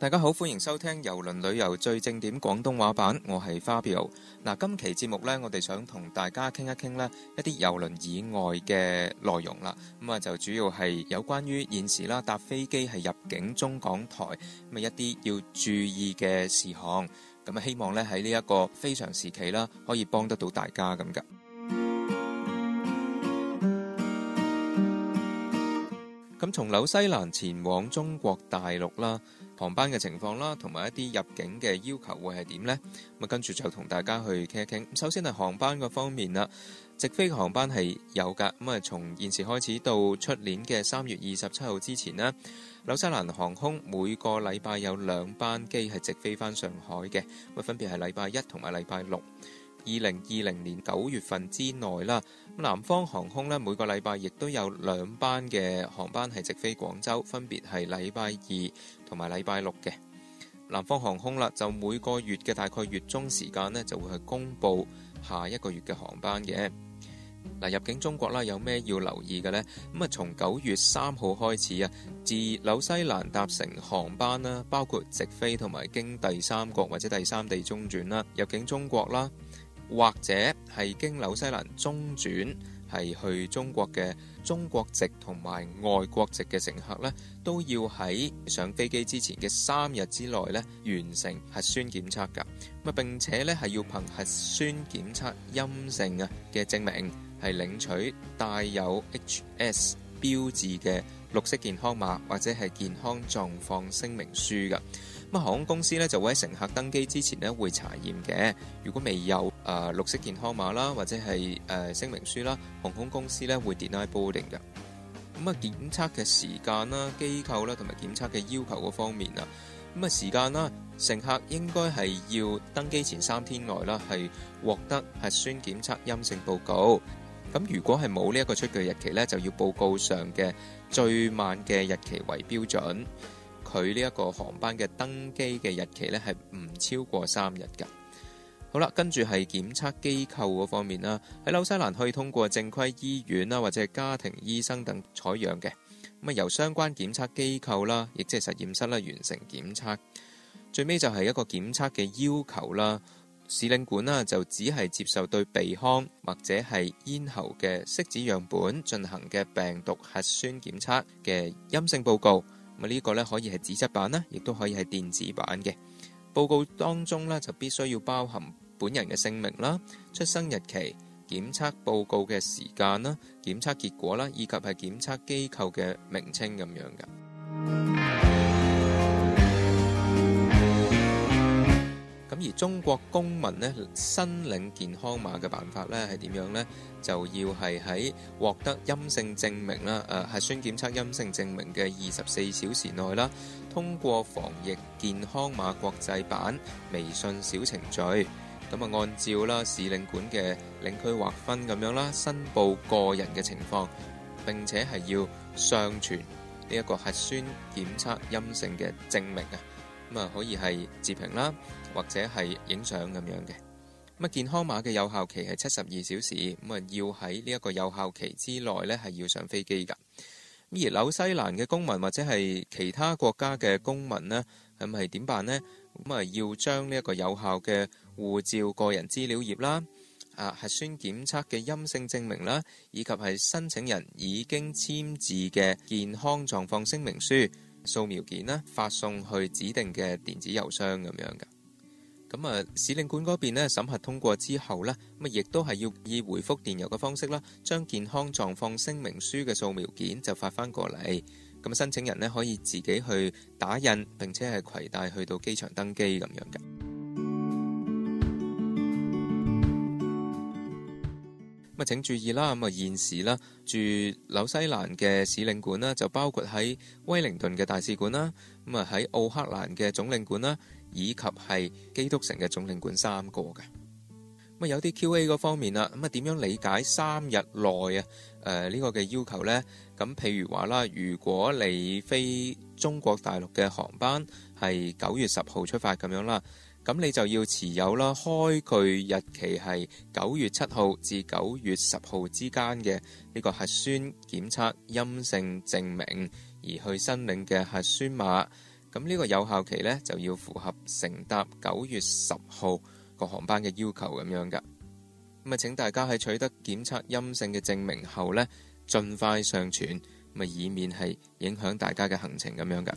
大家好，歡迎收聽郵輪旅遊最正點廣東話版，我係花票。今期節目呢，我哋想同大家傾一傾呢一啲郵輪以外嘅內容啦。咁啊，就主要係有關於現時啦，搭飛機係入境中港台咁一啲要注意嘅事項。咁啊，希望呢喺呢一個非常時期啦，可以幫得到大家咁噶。咁從紐西蘭前往中國大陸啦。航班嘅情況啦，同埋一啲入境嘅要求會係點呢？咁跟住就同大家去傾一傾。首先係航班個方面啦，直飛航班係有㗎。咁啊，從現時開始到出年嘅三月二十七號之前咧，紐西蘭航空每個禮拜有兩班機係直飛返上海嘅，咁分別係禮拜一同埋禮拜六。二零二零年九月份之內啦。南方航空咧，每個禮拜亦都有兩班嘅航班係直飛廣州，分別係禮拜二同埋禮拜六嘅。南方航空啦，就每個月嘅大概月中時間呢，就會去公布下一個月嘅航班嘅。嗱，入境中國啦，有咩要留意嘅呢？咁啊，從九月三號開始啊，自紐西蘭搭乘航班啦，包括直飛同埋經第三國或者第三地中轉啦，入境中國啦。或者係經紐西蘭中轉係去中國嘅，中國籍同埋外國籍嘅乘客呢，都要喺上飛機之前嘅三日之內呢，完成核酸檢測㗎。咁啊並且呢係要憑核酸檢測陰性啊嘅證明係領取帶有 HS 標誌嘅綠色健康碼或者係健康狀況聲明書㗎。咁航空公司咧就會喺乘客登機之前呢會查驗嘅，如果未有誒、呃、綠色健康碼啦，或者係誒、呃、聲明書啦，航空公司咧會 deny boarding 嘅。咁啊檢測嘅時間啦、機構啦同埋檢測嘅要求嗰方面啊，咁、嗯、啊時間啦，乘客應該係要登機前三天內啦係獲得核酸檢測陰性報告。咁、嗯、如果係冇呢一個出具日期咧，就要報告上嘅最晚嘅日期為標準。佢呢一個航班嘅登機嘅日期呢，係唔超過三日㗎。好啦，跟住係檢測機構嗰方面啦，喺紐西蘭可以通過正規醫院啦，或者係家庭醫生等採樣嘅咁啊，由相關檢測機構啦，亦即係實驗室啦完成檢測。最尾就係一個檢測嘅要求啦，使領館啦就只係接受對鼻腔或者係咽喉嘅拭子樣本進行嘅病毒核酸檢測嘅陰性報告。咁、這、呢個咧可以係紙質版啦，亦都可以係電子版嘅報告當中啦，就必須要包含本人嘅姓名啦、出生日期、檢測報告嘅時間啦、檢測結果啦，以及係檢測機構嘅名稱咁樣噶。而中國公民咧申領健康碼嘅辦法咧係點樣咧？就要係喺獲得陰性證明啦，誒核酸檢測陰性證明嘅二十四小時內啦，通過防疫健康碼國際版微信小程序，咁啊按照啦使領館嘅領區劃分咁樣啦，申報個人嘅情況，並且係要上傳呢一個核酸檢測陰性嘅證明啊。咁啊，可以係截屏啦，或者係影相咁樣嘅。咁健康碼嘅有效期係七十二小時，咁啊要喺呢一個有效期之內咧，係要上飛機噶。咁而紐西蘭嘅公民或者係其他國家嘅公民呢係咪點辦呢？咁啊，要將呢一個有效嘅護照個人資料頁啦、啊核酸檢測嘅陰性證明啦，以及係申請人已經簽字嘅健康狀況聲明書。掃描件啦，發送去指定嘅電子郵箱咁樣嘅。咁啊，使領館嗰邊呢，審核通過之後呢，咁亦都係要以回覆電郵嘅方式啦，將健康狀況聲明書嘅掃描件就發翻過嚟。咁申請人呢，可以自己去打印，並且係攜帶去到機場登機咁樣嘅。咁啊，請注意啦！咁啊，現時啦，駐紐西蘭嘅使領館啦，就包括喺威靈頓嘅大使館啦，咁啊喺奧克蘭嘅總領館啦，以及係基督城嘅總領館三個㗎。咁啊，有啲 Q&A 嗰方面啊，咁啊，點樣理解三日內啊？誒，呢個嘅要求呢？咁譬如話啦，如果你飛中國大陸嘅航班係九月十號出發咁樣啦。咁你就要持有啦，開具日期係九月七號至九月十號之間嘅呢個核酸檢測陰性證明，而去申領嘅核酸碼。咁呢個有效期呢，就要符合乘搭九月十號個航班嘅要求咁樣噶。咁啊，請大家喺取得檢測陰性嘅證明後呢，盡快上傳，咪以免係影響大家嘅行程咁樣噶。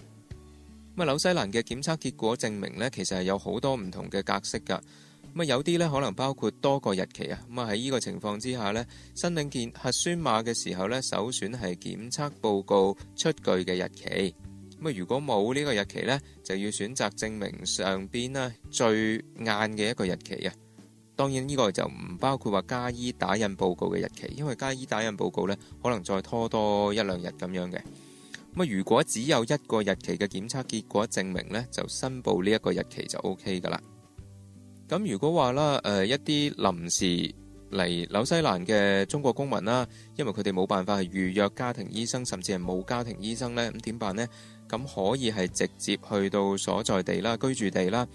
咁啊，紐西蘭嘅檢測結果證明呢，其實係有好多唔同嘅格式噶。咁啊，有啲呢，可能包括多個日期啊。咁啊，喺呢個情況之下呢，申領件核酸碼嘅時候呢，首選係檢測報告出具嘅日期。咁啊，如果冇呢個日期呢，就要選擇證明上邊呢最晏嘅一個日期啊。當然，呢個就唔包括話加醫打印報告嘅日期，因為加醫打印報告呢，可能再拖多一兩日咁樣嘅。咁如果只有一個日期嘅檢測結果證明呢，就申報呢一個日期就 OK 噶啦。咁如果話啦，誒一啲臨時嚟紐西蘭嘅中國公民啦，因為佢哋冇辦法係預約家庭醫生，甚至係冇家庭醫生呢，咁點辦呢？咁可以係直接去到所在地啦、居住地啦，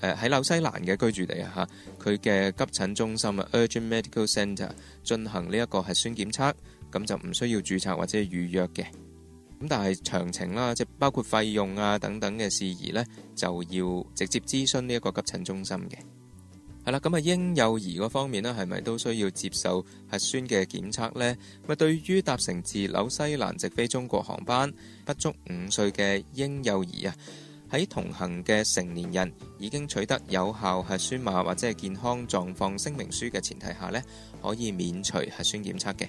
喺紐西蘭嘅居住地啊，吓佢嘅急診中心啊 （urgent medical center） 進行呢一個核酸檢測，咁就唔需要註冊或者預約嘅。咁但係詳情啦，即包括費用啊等等嘅事宜呢，就要直接諮詢呢一個急診中心嘅。係啦，咁啊，嬰幼兒方面呢，係咪都需要接受核酸嘅檢測呢？咁對於搭乘自紐西蘭直飛中國航班不足五歲嘅嬰幼兒啊，喺同行嘅成年人已經取得有效核酸碼或者係健康狀況聲明書嘅前提下呢，可以免除核酸檢測嘅。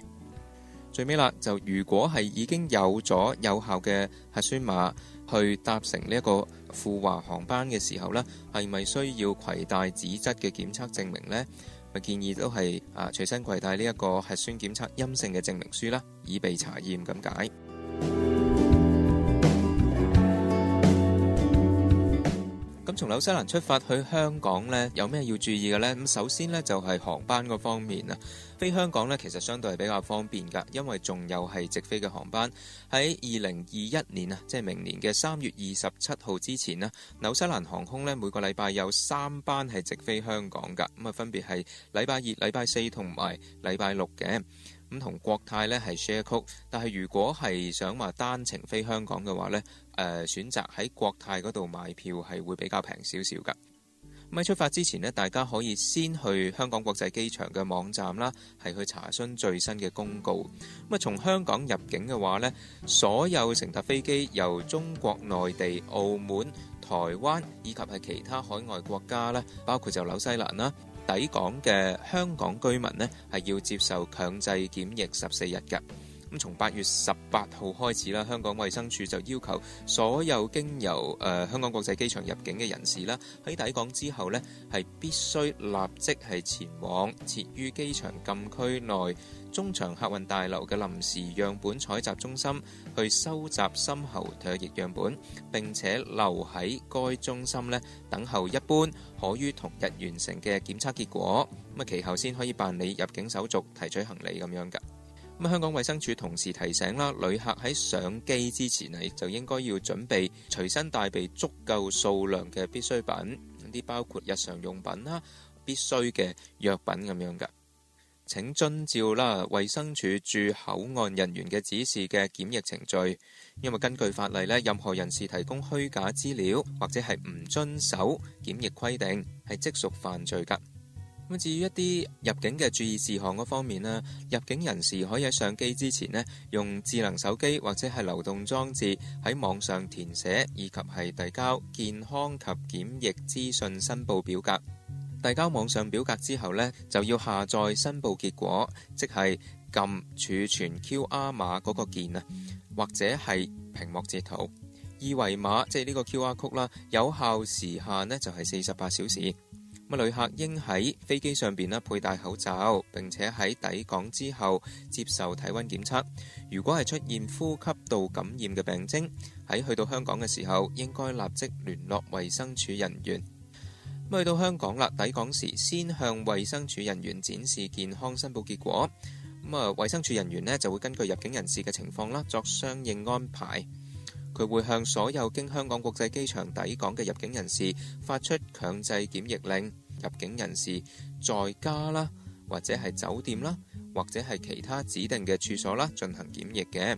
最尾啦，就如果係已經有咗有效嘅核酸碼去搭乘呢一個富華航班嘅時候呢，係咪需要攜帶紙質嘅檢測證明呢？咪建議都係啊，隨身攜帶呢一個核酸檢測陰性嘅證明書啦，以備查驗咁解。從紐西蘭出發去香港呢，有咩要注意嘅呢？咁首先呢，就係航班個方面啊，飛香港呢，其實相對係比較方便噶，因為仲有係直飛嘅航班。喺二零二一年啊，即係明年嘅三月二十七號之前啊，紐西蘭航空呢每個禮拜有三班係直飛香港噶，咁啊分別係禮拜二、禮拜四同埋禮拜六嘅。咁同國泰呢係 share code，但係如果係想話單程飛香港嘅話呢。誒選擇喺國泰嗰度買票係會比較平少少㗎。咁喺出發之前咧，大家可以先去香港國際機場嘅網站啦，係去查詢最新嘅公告。咁啊，從香港入境嘅話呢，所有乘搭飛機由中國內地、澳門、台灣以及係其他海外國家咧，包括就紐西蘭啦，抵港嘅香港居民呢，係要接受強制檢疫十四日㗎。咁從八月十八號開始啦，香港衛生署就要求所有經由誒香港國際機場入境嘅人士啦，喺抵港之後咧，係必須立即係前往設於機場禁區內中場客運大樓嘅臨時樣本採集中心去收集深喉唾液樣本，並且留喺該中心咧等候一般可於同日完成嘅檢測結果，咁啊其後先可以辦理入境手續、提取行李咁樣噶。咁香港衛生署同時提醒啦，旅客喺上機之前啊，就應該要準備隨身帶備足夠數量嘅必需品，啲包括日常用品啦、必需嘅藥品咁樣噶，請遵照啦衛生署駐口岸人員嘅指示嘅檢疫程序。因為根據法例咧，任何人士提供虛假資料或者係唔遵守檢疫規定，係即屬犯罪噶。咁至於一啲入境嘅注意事項嗰方面咧，入境人士可以喺上機之前咧，用智能手機或者係流動裝置喺網上填寫以及係遞交健康及檢疫資訊申報表格。遞交網上表格之後咧，就要下載申報結果，即係撳儲存 QR 碼嗰個鍵啊，或者係屏幕截圖二維碼，即係呢個 QR Code 啦。有效時限咧就係四十八小時。咁旅客應喺飛機上邊呢佩戴口罩，並且喺抵港之後接受體溫檢測。如果係出現呼吸道感染嘅病徵，喺去到香港嘅時候應該立即聯絡衛生署人員。去到香港啦，抵港時先向衛生署人員展示健康申報結果。咁啊，衛生署人員呢就會根據入境人士嘅情況啦，作相應安排。佢會向所有經香港國際機場抵港嘅入境人士發出強制檢疫令。入境人士在家啦，或者係酒店啦，或者係其他指定嘅處所啦，進行檢疫嘅。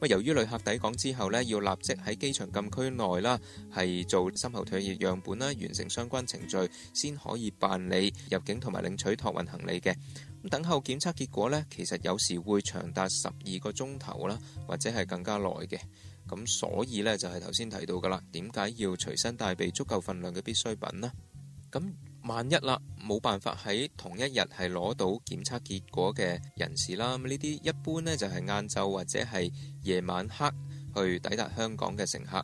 咁由於旅客抵港之後呢，要立即喺機場禁區內啦，係做深喉唾液樣本啦，完成相關程序先可以辦理入境同埋領取託運行李嘅。咁等候檢測結果呢，其實有時會長達十二個鐘頭啦，或者係更加耐嘅。咁所以呢就係頭先提到噶啦，點解要隨身帶備足夠份量嘅必需品呢？咁萬一啦，冇辦法喺同一日係攞到檢測結果嘅人士啦，咁呢啲一般呢就係晏晝或者係夜晚黑去抵達香港嘅乘客，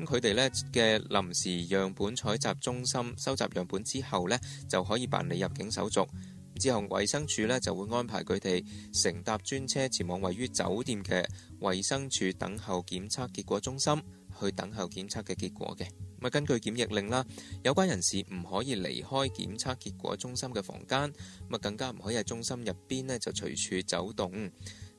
咁佢哋咧嘅臨時樣本採集中心收集樣本之後呢，就可以辦理入境手續。之後衛生署咧就會安排佢哋乘搭專車前往位於酒店嘅衛生署等候檢測結果中心去等候檢測嘅結果嘅。咁啊，根據檢疫令啦，有關人士唔可以離開檢測結果中心嘅房間，咁更加唔可以喺中心入邊咧就隨處走動。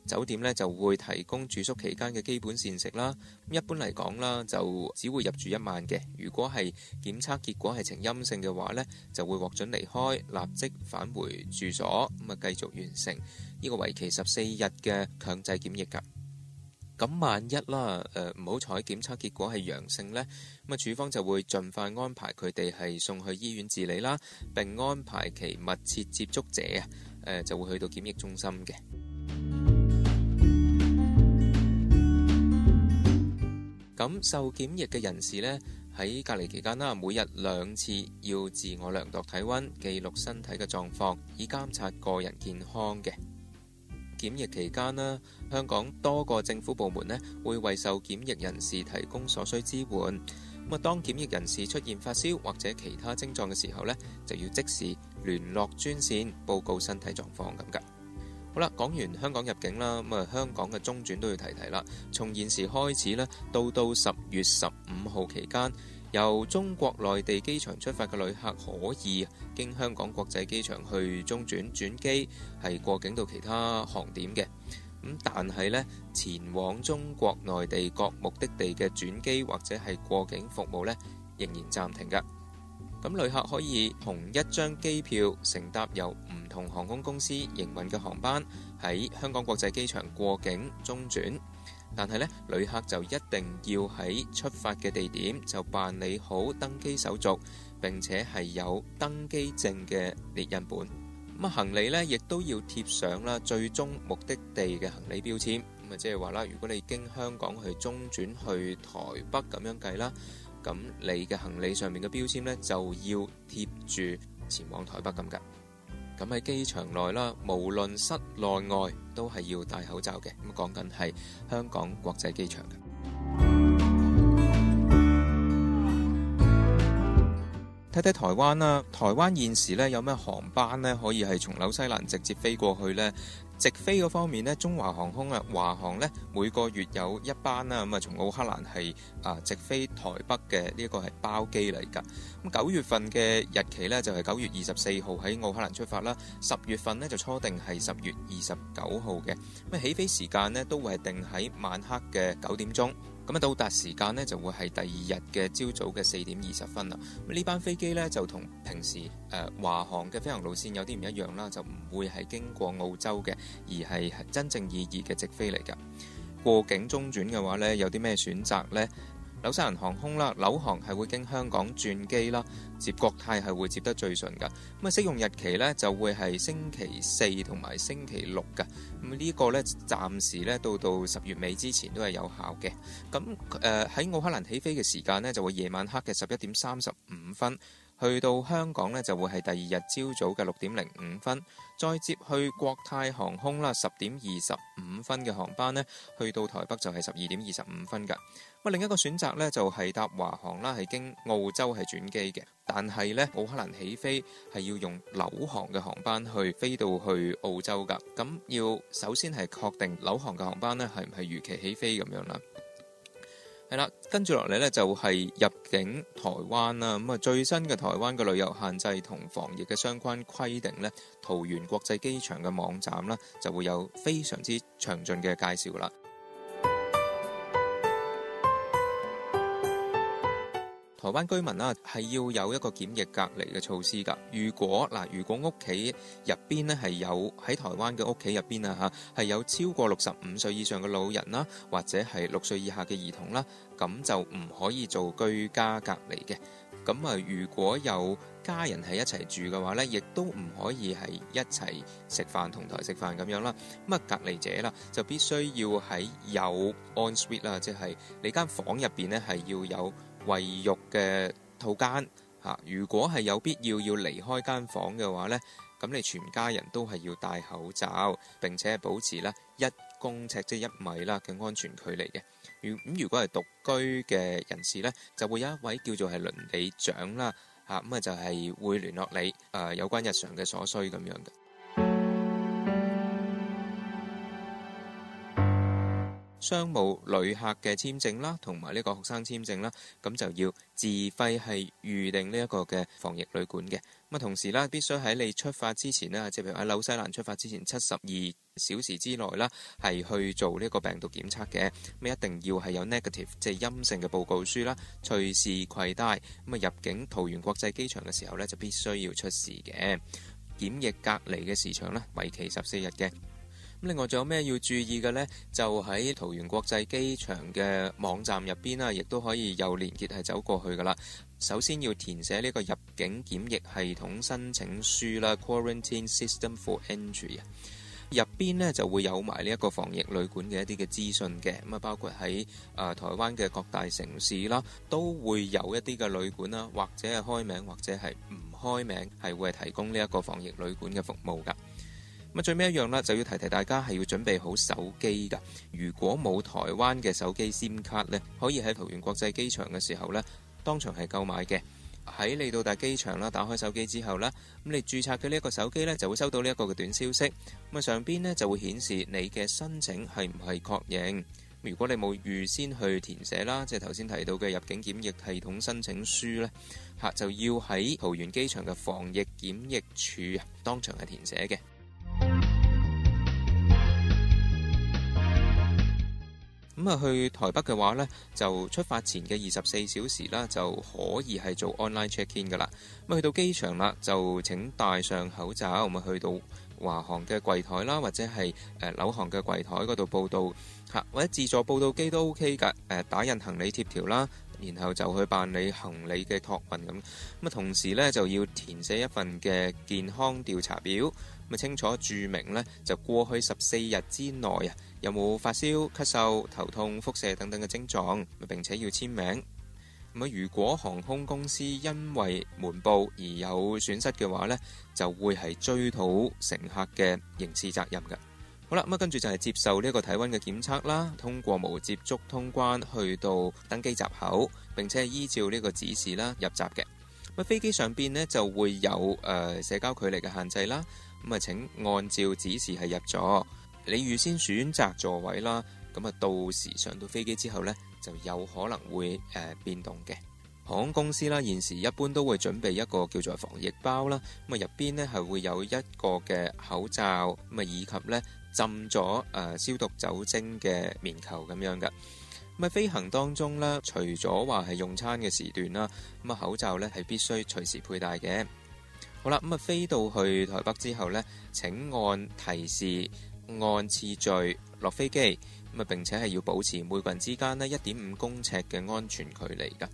酒店咧就會提供住宿期間嘅基本膳食啦。咁一般嚟講啦，就只會入住一晚嘅。如果係檢測結果係呈陰性嘅話咧，就會獲准離開，立即返回住所，咁啊繼續完成呢個為期十四日嘅強制檢疫㗎。咁萬一啦，誒唔好彩檢測結果係陽性咧，咁啊處方就會盡快安排佢哋係送去醫院治理啦，並安排其密切接觸者啊，誒就會去到檢疫中心嘅。咁受檢疫嘅人士呢，喺隔離期間啦，每日兩次要自我量度體溫，記錄身體嘅狀況，以監察個人健康嘅。檢疫期間呢，香港多個政府部門呢，會為受檢疫人士提供所需支援。咁啊，當檢疫人士出現發燒或者其他症狀嘅時候呢，就要即時聯絡專線報告身體狀況咁噶好啦，講完香港入境啦，咁啊香港嘅中轉都要提提啦，從現時開始呢，到到10月15號期間，由中國內地機場出發嘅旅客可以經香港國際機場去中轉轉機，係過境到其他航點嘅。咁但係呢，前往中國內地各目的地嘅轉機，或者係過境服務呢，仍然暫停㗎。咁旅客可以同一張機票乘搭由唔同航空公司營運嘅航班喺香港國際機場過境中轉，但係咧旅客就一定要喺出發嘅地點就辦理好登機手續，並且係有登機證嘅列印本。咁行李咧亦都要貼上啦最終目的地嘅行李標籤，咁啊即係話啦，如果你經香港去中轉去台北咁樣計啦。咁你嘅行李上面嘅標籤呢，就要貼住前往台北咁噶。咁喺機場內啦，無論室內外都係要戴口罩嘅。咁講緊係香港國際機場嘅。睇睇台灣啦，台灣現時呢有咩航班呢？可以係從紐西蘭直接飛過去呢。直飛嗰方面呢，中華航空啊，華航呢每個月有一班啦，咁啊從奧克蘭係啊直飛台北嘅呢一個係包機嚟㗎。咁九月份嘅日期呢就係九月二十四號喺奧克蘭出發啦，十月份呢就初定係十月二十九號嘅，咁起飛時間呢都會係定喺晚黑嘅九點鐘。咁到達時間呢，就會係第二日嘅朝早嘅四點二十分啦。呢班飛機呢，就同平時誒、呃、華航嘅飛行路線有啲唔一樣啦，就唔會係經過澳洲嘅，而係真正意義嘅直飛嚟㗎。過境中轉嘅話呢，有啲咩選擇呢？紐西蘭航空啦，紐航係會經香港轉機啦，接國泰係會接得最順㗎。咁啊，適用日期呢，就會係星期四同埋星期六㗎。咁呢個呢，暫時呢，到到十月尾之前都係有效嘅。咁誒喺奧克蘭起飛嘅時間呢，就會夜晚黑嘅十一點三十五分。去到香港咧，就會係第二日朝早嘅六點零五分，再接去國泰航空啦，十點二十五分嘅航班呢，去到台北就係十二點二十五分㗎。咁另一個選擇咧，就係、是、搭華航啦，係經澳洲係轉機嘅，但係咧，奧克蘭起飛係要用紐航嘅航班去飛到去澳洲㗎。咁要首先係確定紐航嘅航班呢，係唔係如期起飛咁樣啦？係啦，跟住落嚟咧就係入境台灣啦，咁啊最新嘅台灣嘅旅遊限制同防疫嘅相關規定咧，桃園國際機場嘅網站咧就會有非常之詳盡嘅介紹啦。台灣居民啦，係要有一個檢疫隔離嘅措施㗎。如果嗱，如果屋企入邊咧係有喺台灣嘅屋企入邊啊，嚇係有超過六十五歲以上嘅老人啦，或者係六歲以下嘅兒童啦，咁就唔可以做居家隔離嘅。咁啊，如果有家人係一齊住嘅話咧，亦都唔可以係一齊食飯同台食飯咁樣啦。咁啊，隔離者啦，就必須要喺有 ensuite 啦，即係你間房入邊咧係要有，衛浴嘅套間，吓如果係有必要要離開間房嘅話呢，咁你全家人都係要戴口罩，並且保持咧一公尺即一米啦嘅安全距離嘅。如咁如果係獨居嘅人士呢，就會有一位叫做係鄰里長啦，吓咁啊就係會聯絡你誒有關日常嘅所需咁樣嘅。商務旅客嘅簽證啦，同埋呢個學生簽證啦，咁就要自費係預定呢一個嘅防疫旅館嘅。咁啊，同時啦，必須喺你出發之前啦，即係譬如喺紐西蘭出發之前七十二小時之內啦，係去做呢個病毒檢測嘅。咁一定要係有 negative 即係陰性嘅報告書啦，隨時攜帶。咁啊，入境桃園國際機場嘅時候呢，就必須要出示嘅檢疫隔離嘅時長呢，為期十四日嘅。另外仲有咩要注意嘅呢？就喺桃園國際機場嘅網站入邊啦，亦都可以有連結係走過去噶啦。首先要填寫呢個入境檢疫系統申請書啦 （Quarantine System for Entry）。入邊呢就會有埋呢一個防疫旅館嘅一啲嘅資訊嘅。咁啊，包括喺啊、呃、台灣嘅各大城市啦，都會有一啲嘅旅館啦，或者係開名，或者係唔開名，係會係提供呢一個防疫旅館嘅服務噶。咁最尾一樣啦，就要提提大家係要準備好手機㗎。如果冇台灣嘅手機 SIM 卡呢，可以喺桃園國際機場嘅時候呢，當場係購買嘅。喺你到達機場啦，打開手機之後呢，咁你註冊嘅呢一個手機呢，就會收到呢一個嘅短消息。咁啊，上邊呢，就會顯示你嘅申請係唔係確認。如果你冇預先去填寫啦，即係頭先提到嘅入境檢疫系統申請書呢，嚇就要喺桃園機場嘅防疫檢疫處當場係填寫嘅。咁啊，去台北嘅話呢，就出發前嘅二十四小時啦，就可以係做 online check-in 㗎啦。咁去到機場啦，就請戴上口罩，咁啊，去到華航嘅櫃台啦，或者係誒柳航嘅櫃台嗰度報到，嚇或者自助報到機都 OK 㗎。打印行李貼條啦，然後就去辦理行李嘅託運咁。咁啊，同時呢，就要填寫一份嘅健康調查表，咁啊，清楚注明呢，就過去十四日之內啊。有冇發燒、咳嗽、頭痛、腹瀉等等嘅症狀，咪並且要簽名。咁啊，如果航空公司因為瞞報而有損失嘅話呢，就會係追討乘客嘅刑事責任嘅。好啦，咁啊，跟住就係接受呢一個體温嘅檢測啦，通過無接觸通關去到登機閘口，並且依照呢個指示啦入閘嘅。咁啊，飛機上邊呢，就會有誒、呃、社交距離嘅限制啦。咁啊，請按照指示係入座。你預先選擇座位啦，咁啊到時上到飛機之後呢，就有可能會誒、呃、變動嘅。航空公司啦，現時一般都會準備一個叫做防疫包啦，咁啊入邊呢係會有一個嘅口罩，咁啊以及呢浸咗誒、呃、消毒酒精嘅棉球咁樣㗎。咁啊飛行當中呢，除咗話係用餐嘅時段啦，咁啊口罩呢係必須隨時佩戴嘅。好啦，咁啊飛到去台北之後呢，請按提示，按次序落飛機，咁啊並且係要保持每個人之間咧一點五公尺嘅安全距離噶。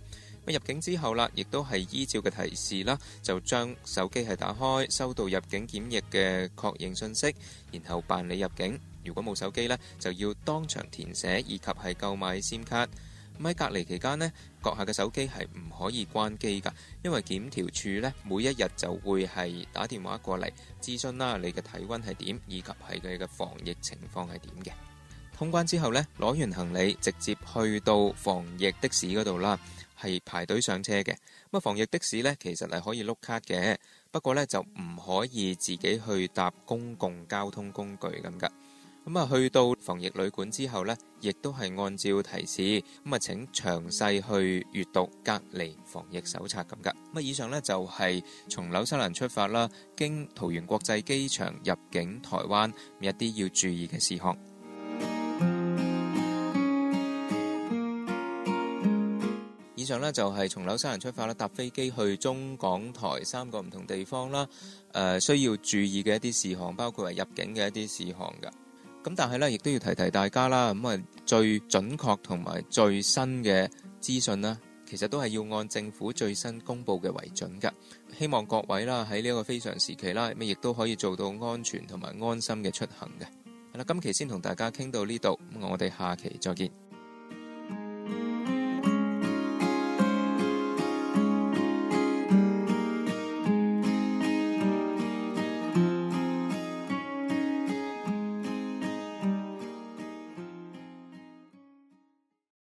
咁入境之後啦，亦都係依照嘅提示啦，就將手機係打開，收到入境檢疫嘅確認信息，然後辦理入境。如果冇手機咧，就要當場填寫以及係購買 SIM 卡。咁喺隔離期間呢，閣下嘅手機係唔可以關機㗎，因為檢調處呢每一日就會係打電話過嚟諮詢啦，你嘅體温係點，以及係你嘅防疫情況係點嘅。通關之後呢，攞完行李直接去到防疫的士嗰度啦，係排隊上車嘅。咁防疫的士呢，其實係可以碌卡嘅，不過呢，就唔可以自己去搭公共交通工具咁㗎。咁啊，去到防疫旅館之後呢，亦都係按照提示咁啊，請詳細去閱讀隔離防疫手冊咁噶。咁以上呢，就係從紐西蘭出發啦，經桃園國際機場入境台灣一啲要注意嘅事項。以上呢，就係從紐西蘭出發啦，搭飛機去中港台三個唔同地方啦。誒，需要注意嘅一啲事項，包括係入境嘅一啲事項噶。咁但係咧，亦都要提提大家啦。咁啊，最準確同埋最新嘅資訊啦，其實都係要按政府最新公布嘅為準㗎。希望各位啦，喺呢一個非常時期啦，咁亦都可以做到安全同埋安心嘅出行嘅。係啦，今期先同大家傾到呢度，咁我哋下期再見。